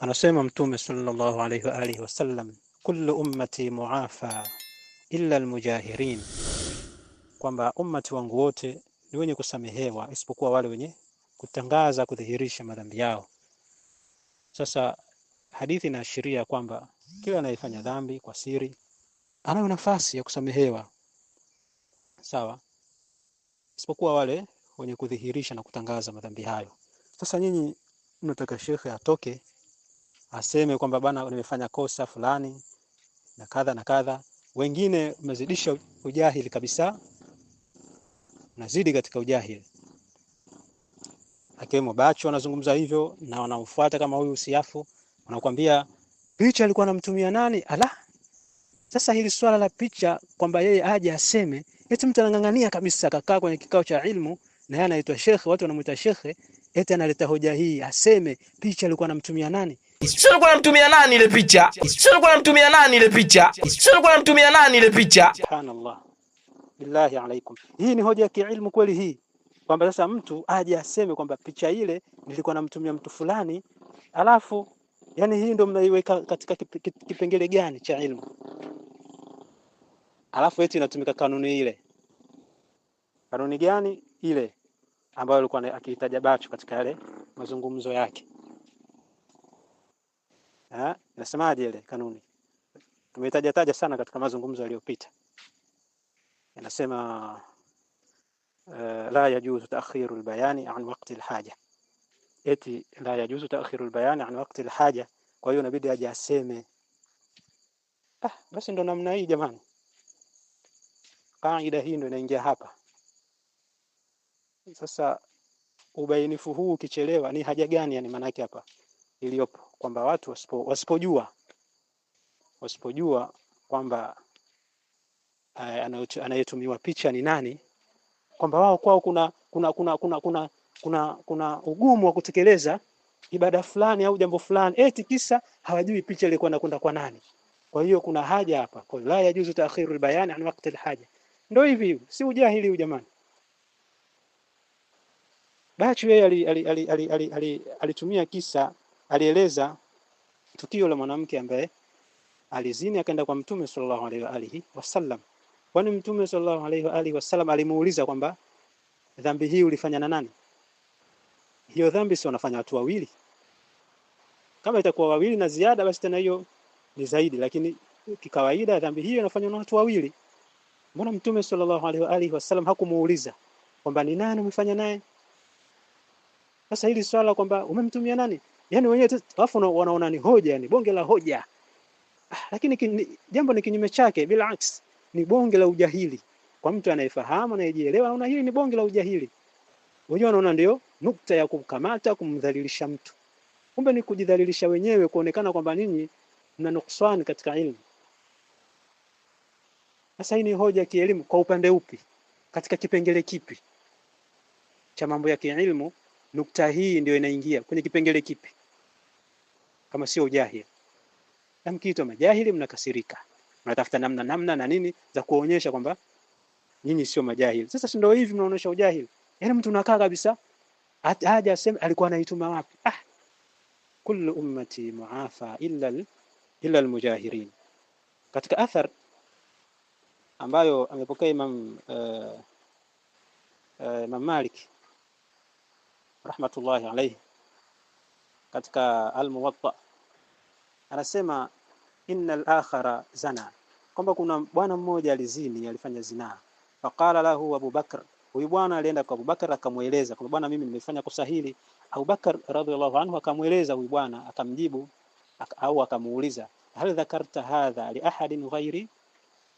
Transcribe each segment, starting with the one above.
Anasema Mtume sallallahu alayhi wa alihi wasallam, kullu ummati muafa illa almujahirin, kwamba ummati wangu wote ni wenye kusamehewa isipokuwa wale wenye kutangaza kudhihirisha madhambi yao. Sasa hadithi inaashiria kwamba kila anayefanya dhambi kwa siri anayo nafasi ya kusamehewa, sawa, isipokuwa wale wenye kudhihirisha na kutangaza madhambi hayo. Sasa nyinyi mnataka shekhe atoke aseme kwamba bana, nimefanya kosa fulani na kadha na kadha. Wengine umezidisha ujahili kabisa, unazidi katika ujahili, akiwemo Bacho anazungumza hivyo na wanamfuata kama huyu siafu wanakuambia picha alikuwa anamtumia nani? Ala, sasa hili swala la picha kwamba yeye aje aseme eti mtu anang'ang'ania kabisa, akakaa kwenye kikao cha ilmu na yeye anaitwa shekhe, watu wanamuita shekhe, eti analeta hoja hii, aseme picha alikuwa anamtumia nani? Sio nani ile picha? nani ile picha? nani ile picha? Subhanallah. Billahi alaikum. Hii ni hoja ya kiilmu kweli hii. Kwamba sasa mtu aje aseme kwamba picha ile nilikuwa namtumia mtu fulani, alafu yani hii ndio mnaiweka katika kipengele gani cha ilmu? Alafu eti inatumika kanuni ile. Kanuni gani ile ambayo alikuwa akihitaja bacho katika yale mazungumzo yake? ah, nasemaje ile kanuni? Tumeitaja taja sana katika mazungumzo yaliyopita. Inasema eh, la yajuzu ta'khiru al-bayani an waqti al-haja. eti la yajuzu ta'khiru al-bayani an waqti al-haja. Kwa hiyo inabidi aje aseme. Ah, basi ndo namna hii jamani, kaida hii ndo inaingia hapa sasa. Ubainifu huu ukichelewa, ni haja gani yani maana yake hapa iliyopo kwamba watu wasipojua wasipojua kwamba eh, anayetumiwa picha ni nani, kwamba wao kwao kuna kuna kuna kuna kuna kuna kuna ugumu wa kutekeleza ibada fulani au jambo fulani, eti kisa hawajui picha ilikuwa inakwenda kwa nani. Kwa hiyo kuna haja hapa, kwa la ta'khiru al-bayan an al-haja Ndio hivi si ujahili jamani. bachi yeye alitumia kisa alieleza tukio la mwanamke ambaye alizini akaenda kwa Mtume sallallahu alaihi wa alihi wasallam, kwani Mtume sallallahu alaihi wa alihi wasallam alimuuliza kwamba dhambi hii ulifanya na nani? Hiyo dhambi si wanafanya watu wawili? Kama itakuwa wawili na ziada, basi tena hiyo ni zaidi, lakini kikawaida dhambi hiyo inafanywa na watu wawili. Mbona Mtume sallallahu alaihi wa alihi wasallam hakumuuliza kwamba ni nani umefanya naye? Sasa hili swala kwamba umemtumia nani yani wenyewe alafu wanaona ni hoja, yani bonge la hoja, ah, lakini kin, jambo ni kinyume chake, bila aks ni bonge la ujahili kwa mtu anayefahamu anayejielewa, anaona hili ni bonge la ujahili. Wenyewe wanaona ndio nukta ya kumkamata kumdhalilisha mtu, kumbe ni kujidhalilisha wenyewe, kuonekana kwamba ninyi mna nuksani katika elimu Sasa hii ni hoja kielimu kwa upande upi? Katika kipengele kipi cha mambo ya kielimu nukta hii ndio inaingia kwenye kipengele kipi? kama sio ujahili. Na mkiitwa majahili mnakasirika. Mnatafuta namna namna na nini za kuonyesha kwamba nyinyi sio majahili. Sasa si ndio hivi mnaonyesha ujahili. Yaani mtu unakaa kabisa haja aseme alikuwa anaituma wapi? Ah. Kullu ummati muafa illa illa almujahirin. Katika athar ambayo amepokea Imam uh, uh, Imam Malik rahmatullahi alayhi katika Al-Muwatta anasema innal akhara zana, kwamba kuna bwana mmoja alizini, alifanya zina Faqala lahu Abu Bakr, huyu bwana alienda kwa Abu Bakr akamweleza kwamba bwana, mimi nimefanya kosa hili. Abu Bakr radhiallahu anhu akamweleza huyu bwana, akamjibu au akamuuliza, hal dhakarta hadha li ahadin ghairi,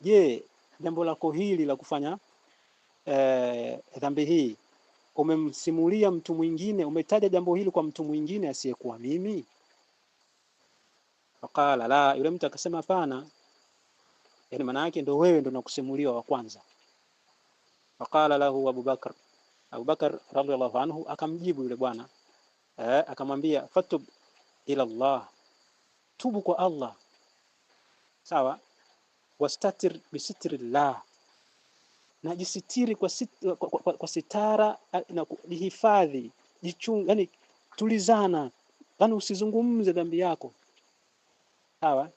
je, jambo lako hili la kufanya eh, dhambi hii umemsimulia mtu mwingine, umetaja jambo hili kwa mtu mwingine asiyekuwa mimi? Faqala la, yule mtu akasema hapana. Yani maana yake ndo wewe ndo nakusimuliwa wa kwanza. Faqala lahu Abubakar, Abubakar radhiallahu anhu akamjibu yule bwana eh, akamwambia fatub ila Allah, tubu kwa Allah, sawa wastatir bisitrillah na jisitiri kwa, sit, kwa, kwa, kwa sitara na jihifadhi, jichunge, yani tulizana, yani usizungumze dhambi yako. Sawa,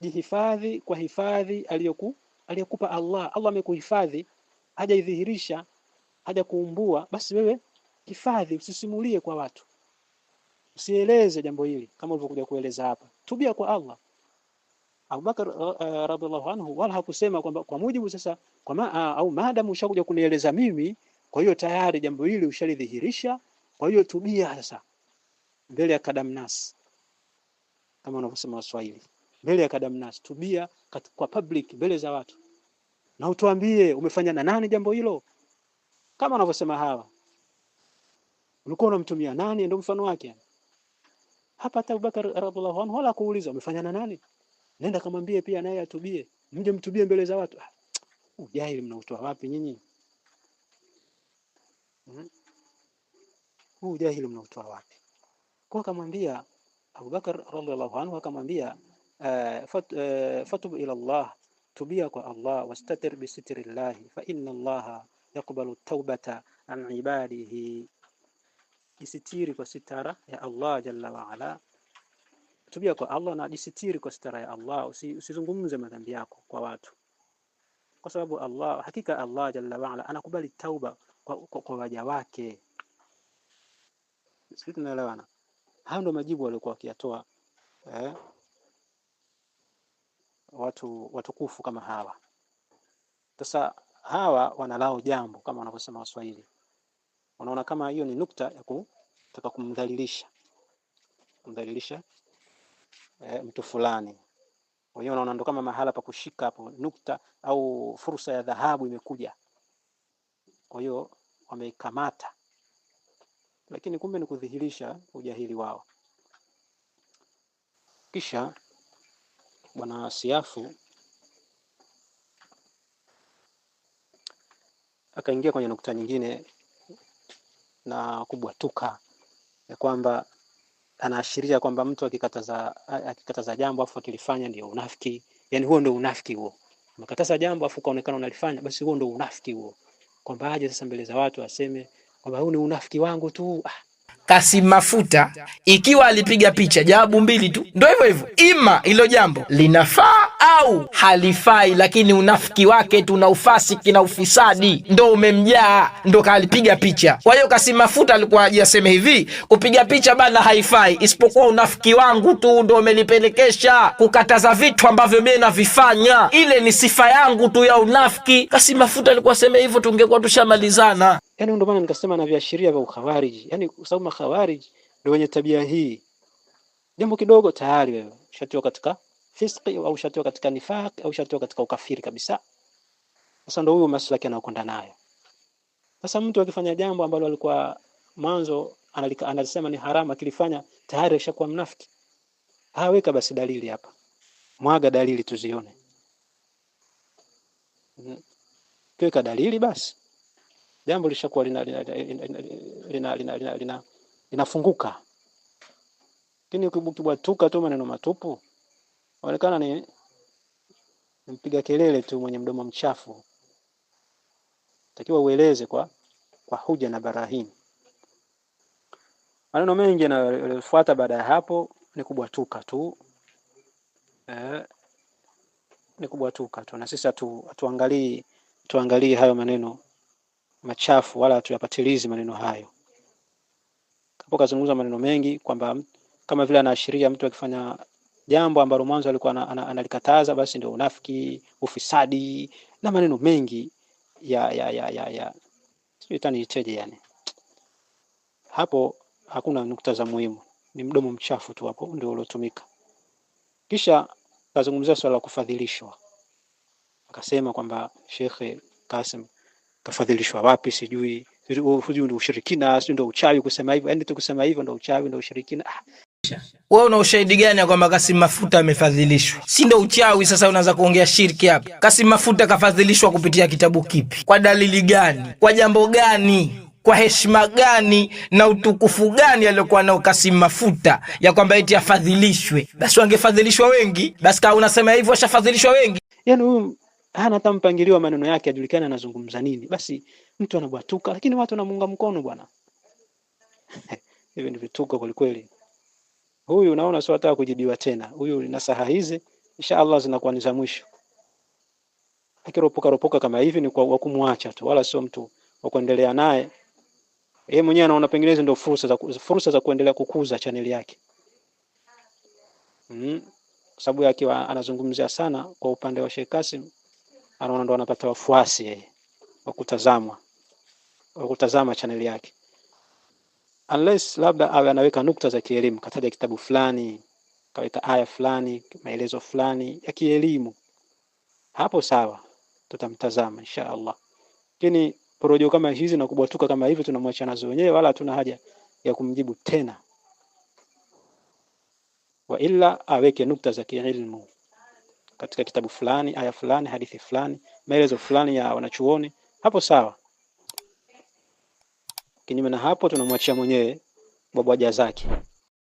jihifadhi kwa hifadhi aliyoku aliyokupa Allah. Allah amekuhifadhi, hajaidhihirisha, hajakuumbua. Basi wewe hifadhi, usisimulie kwa watu, usieleze jambo hili kama ulivyokuja kueleza hapa. Tubia kwa Allah Abubakar uh, uh, radhiallahu anhu wala hakusema kwamba kwa mujibu sasa kwa ma, uh, au maadamu ushakuja kunieleza mimi, kwa hiyo tayari jambo hili ushalidhihirisha, kwa hiyo tubia sasa mbele ya kadamnas, kama wanavyosema Waswahili, mbele ya kadamnas, tubia kat, kwa public, mbele za watu, na utuambie umefanya na nani jambo hilo, kama wanavyosema hawa, ulikuwa unamtumia nani? Ndio mfano wake hapa. Hata Abubakar radhiallahu anhu wala kuuliza umefanya na nani Nenda kamwambie pia naye atubie. Mje mtubie mbele za watu. Ah, ujahili uh, mnautoa wapi nyinyi? Hmm? Huu ujahili mnautoa wapi? Kwa akamwambia Abubakar radhiallahu anhu akamwambia uh, fat, uh, fatub ila Allah tubia kwa Allah wastatir bi sitrillah fa inna Allah yaqbalu tawbata an ibadihi isitiri kwa sitara ya Allah jalla wa ala tubia kwa Allah na jisitiri kwa sitara ya Allah. usizungumze madhambi yako kwa watu, kwa sababu Allah, hakika Allah jalla waala anakubali tauba kwa, kwa, kwa waja wake. Sisi tunaelewana? Hayo ndio majibu waliokuwa wakiyatoa eh, watu watukufu kama hawa. Sasa hawa wanalao jambo kama wanavyosema Waswahili, wanaona kama hiyo ni nukta ya kutaka kumdhalilisha kumdhalilisha eh, mtu fulani. Kwa hiyo unaona ndo kama mahala pa kushika hapo nukta au fursa ya dhahabu imekuja. Kwa hiyo wameikamata, lakini kumbe ni kudhihirisha ujahili wao. Kisha bwana Siafu akaingia kwenye nukta nyingine na kubwatuka ya kwamba anaashiria kwamba mtu akikataza akikataza jambo afu akilifanya ndio unafiki. Yani huo ndio unafiki huo. makataza jambo afu kaonekana unalifanya, basi huo ndio unafiki huo. Kwamba aje sasa mbele za watu aseme kwamba huu ni unafiki wangu tu. Ah. Kasim Mafuta ikiwa alipiga picha, jawabu mbili tu, ndio hivyo hivyo, ima ilo jambo linafaa au halifai, lakini unafiki wake tu na ufasiki na ufisadi ndo umemjaa, ndo kalipiga picha. Kwa hiyo kasi Mafuta alikuwa ajaseme hivi, kupiga picha bana haifai, isipokuwa unafiki wangu tu ndo umenipelekesha kukataza vitu ambavyo mimi navifanya. Ile ni sifa yangu tu ya unafiki. Kasi Mafuta alikuwa aseme hivyo, tungekuwa tushamalizana. Yani ndo maana nikasema na viashiria vya ukhawariji, yani kwa sababu makhawariji ndo wenye tabia hii, jambo kidogo tayari wewe shatiwa katika fisqi au ushatoka katika nifaq au ushatoka katika ukafiri kabisa. Sasa ndio huyo maslaki anayokwenda nayo. Sasa mtu akifanya jambo ambalo alikuwa mwanzo analisema ni haramu, akilifanya tayari ashakuwa mnafiki. Haweka basi dalili hapa, mwaga dalili tuzione, kweka dalili basi, jambo lishakuwa inafunguka lakini ukibwatuka tu maneno matupu Inaonekana ni mpiga kelele tu mwenye mdomo mchafu. Takiwa ueleze kwa kwa hoja na barahini. Maneno mengi yanayofuata baada ya hapo ni kubwatuka tu eh, ni kubwatuka tu, na sisi hatuangalii tuangalie hayo maneno machafu wala hatuyapatilizi maneno hayo. Kapo kazungumza maneno mengi kwamba kama vile anaashiria mtu akifanya jambo ambalo mwanzo alikuwa analikataza, basi ndio unafiki, ufisadi na maneno mengi ya ya ya ya, ya. Sio itaniiteje yani. Hapo hakuna nukta za muhimu, ni mdomo mchafu tu hapo ndio uliotumika. Kisha kazungumzia swala la kufadhilishwa, akasema kwamba shekhe Kasim kafadhilishwa wapi? Sijui ndio ushirikina, sio ndio uchawi kusema hivyo. Yani tu kusema hivyo ndio uchawi, ndio ushirikina. Ah, wewe una ushahidi gani ya kwamba Kasim Mafuta amefadhilishwa? Si ndo uchawi sasa, unaanza kuongea shirki hapa. Kasim Mafuta kafadhilishwa kupitia kitabu kipi? Kwa dalili gani? Kwa jambo gani? Kwa heshima gani na utukufu gani aliyokuwa nao Kasim Mafuta ya kwamba eti afadhilishwe? Basi wangefadhilishwa wengi. Basi kama unasema hivyo, washafadhilishwa wengi. Yani huyu hana hata mpangilio wa maneno yake, ajulikane anazungumza nini. Basi mtu anabwatuka, lakini watu wanamuunga mkono bwana. Hivi ni vituko kweli Huyu unaona sio hata kujibiwa tena, huyu na saha hizi inshallah zinakuwa ni za mwisho. Akiropoka ropoka kama hivi ni kwa kumwacha tu, wala sio mtu wa kuendelea naye. Yeye mwenyewe anaona pengine hizo ndio fursa za fursa za kuendelea kukuza chaneli yake mm. Sababu akiwa anazungumzia sana kwa upande wa Sheikh Kasim, anaona ndo anapata wafuasi yeye wa kutazamwa wa kutazama chaneli yake unless labda awe anaweka nukta za kielimu, kataja kitabu fulani, kaweka aya fulani, maelezo fulani ya kielimu, hapo sawa, tutamtazama insha Allah. Lakini porojo kama hizi na kubwatuka kama hivi tunamwacha nazo wenyewe, wala hatuna haja ya kumjibu tena, wa ila aweke nukta za kielimu katika kitabu fulani, aya fulani, hadithi fulani, maelezo fulani ya wanachuoni, hapo sawa. Kinyume na hapo tunamwachia mwenyewe bwabwaja zake.